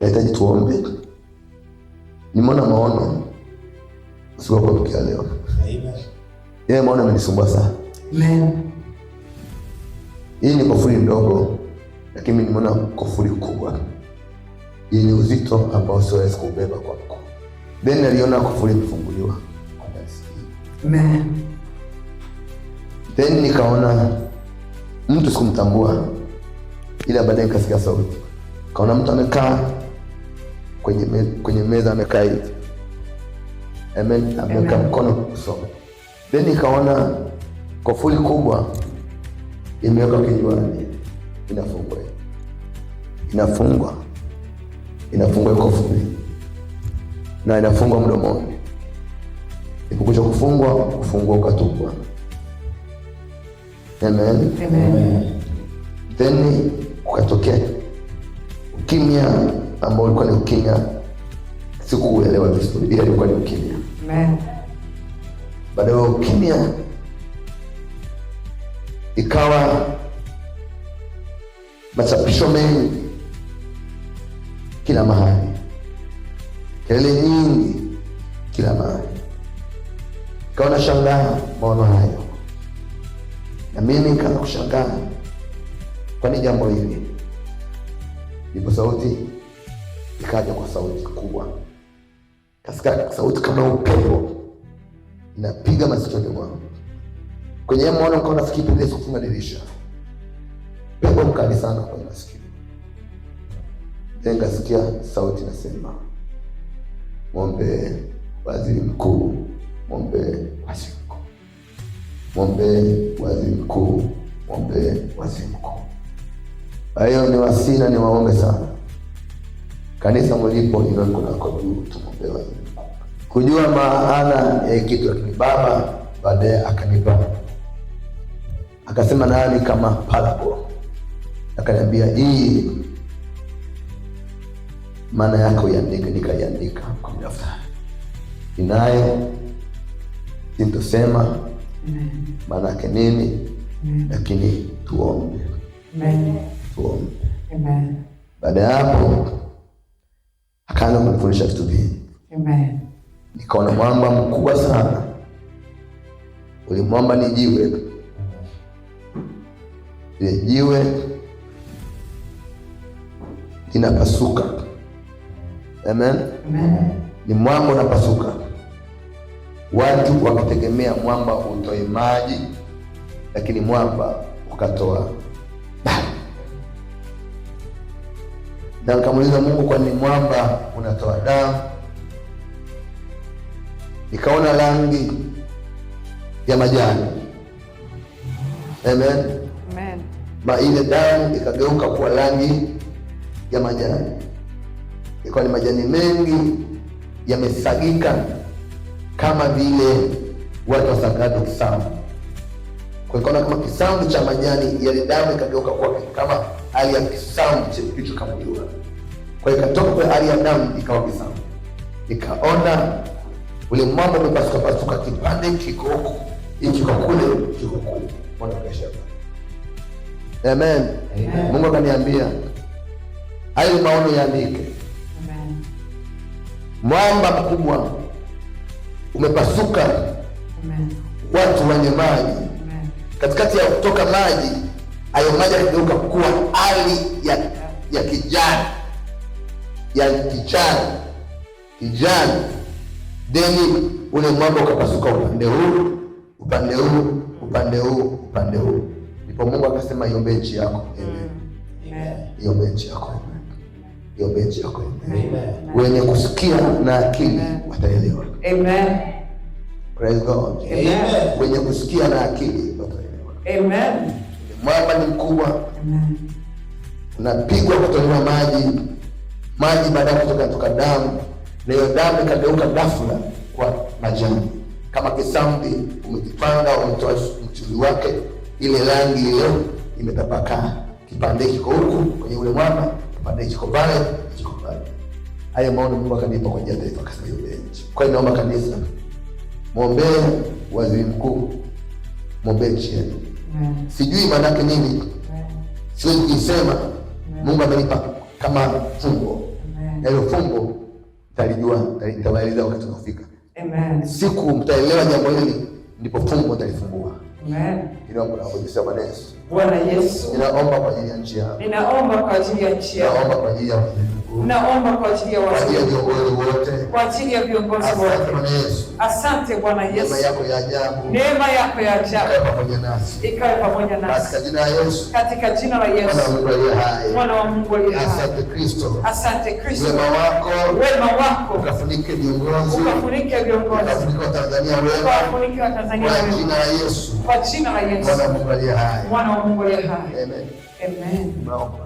Nahitaji tuombe. Nimeona maono usiku kwa mkia leo. Amen. Yeye maono amenisumbua sana. Amen. Hii ni kufuri ndogo lakini nimeona kufuri kubwa yenye uzito ambao siwezi kubeba kwa mkono. Then aliona kufuri imefunguliwa. Amen. Then nikaona mtu sikumtambua, ila baadaye nikasikia sauti, kaona mtu amekaa kwenye, me, kwenye meza amekaa hivi amen, ameweka mkono kusoma, then ikaona kofuli kubwa imewekwa kijuani, inafungwa inafungwa inafungwa kofuli na inafungwa mdomoni, ikukusha kufungwa kufungua ukatupwa. Amen, amen. Then ukatokea ukimya ambao ulikuwa ni ukimya. Sikuuelewa vizuri, ila ilikuwa ni ukimya. Baada ya ukimya ikawa machapisho mengi kila mahali, kelele nyingi kila mahali. Ikawa na shangaa maono hayo, na mimi nikaanza kushangaa, kwani jambo hili ndipo sauti ikaja kwa sauti kubwa, kasikia sauti kama upepo napiga masikioni mwangu kwenye maono, nikaona nafikiri ile sikufunga dirisha, pepo mkali sana kwenye masikio. Nikasikia sauti nasema, mwombe waziri mkuu, mwombe waziri mkuu, mwombe waziri mkuu, mwombe waziri mkuu. Kwa ni wasina, ni waombe sana Kanisa mlipo hilo kunako juu, tukumbewe. Kujua maana ya kitu, lakini baba baadaye akanipa akasema nani kama parable, akaniambia hii maana yake uiandike. Nikaiandika kwa daftari ninayo, sintosema maana yake nini, lakini tuombe, tuombe. Baada ya hapo tano kunifundisha vitu vingi. Amen. Nikaona mwamba mkubwa sana, ule mwamba ni jiwe, ile jiwe inapasuka. Amen. Amen. Ni mwamba unapasuka, watu wakitegemea mwamba utoe maji, lakini mwamba ukatoa na nikamuuliza Mungu, kwa nini mwamba unatoa damu? Nikaona rangi ya majani Amen. Amen. Ma ile damu ikageuka kuwa rangi ya majani, ikawa ni majani mengi yamesagika kama vile watu wasagado kisambu, kwa ikaona kama kisambu cha majani, yale damu ikageuka kuwa kama hali ya kisamu chenye kichwa kama jua. Kwa hiyo ikatoka kwenye hali ya damu ikawa kisamvu, nikaona ule mwamba umepasuka pasuka, kipande kiko huku, hiki kwa kule, kiko kule. Mbona biashara Amen. Amen. Mungu akaniambia hayo maono yaandike. Mwamba mkubwa umepasuka, Amen. Watu wenye maji katikati ya kutoka maji hayo maji yakigeuka kuwa hali ya ya kijani ya kijani kijani, deni ule mwamba ukapasuka upande huu upande huu upande huu upande huu, ndipo Mungu akasema iombe nchi yako. Amen, mm. iombe nchi yako, iombe nchi yako. Wenye kusikia na akili wataelewa. Amen, praise God. Amen, wenye kusikia na akili wataelewa. Amen mwamba ni mkubwa, unapigwa kutolewa maji maji, baada ya kutoka kutoka damu, na hiyo damu ikageuka ghafla kwa majani kama kisambi, Umejipanga, umetoa mchuzi wake, ile rangi ile imetapakaa, kipande kiko huku kwenye ule mwamba, kipande kiko pale, kiko pale. Haya maono Mungu akanipa kwa jada ifa akasema yule nchi. Kwa hiyo naomba kanisa, mwombee waziri mkuu, mwombee nchi yenu sijui yake nini, siwezi kuisema. Mungu amenipa kama fungo na hilo fungo mtalijua, nitawaeleza wakati unafika. Siku mtaelewa jambo hili, ndipo fungo mtalifungua. Amen. Hilo Bwana Yesu Bwana Yesu, ninaomba kwa ajili ya nchi yangu, ninaomba kwa ajili ya nchi yangu, ninaomba kwa ajili ya wadugu, ninaomba kwa ajili ya wazee, kwa ajili ya viongozi wote, kwa ajili ya viongozi wote. Bwana Yesu, asante Bwana Yesu, neema yako ya ajabu, neema yako ya ajabu ikae pamoja nasi, ikae pamoja nasi katika jina la Yesu, katika jina la Yesu, Mwana wa Mungu aliye hai, asante Kristo, asante Kristo. Wema wako, wema wako ukafunike viongozi, ukafunike viongozi, ukafunike Watanzania wema, ukafunike Watanzania wema, kwa jina la Yesu, kwa jina la Yesu, Mwana wa Mungu aliye hai, Mwana all glory and honor. Amen. Amen. Amen.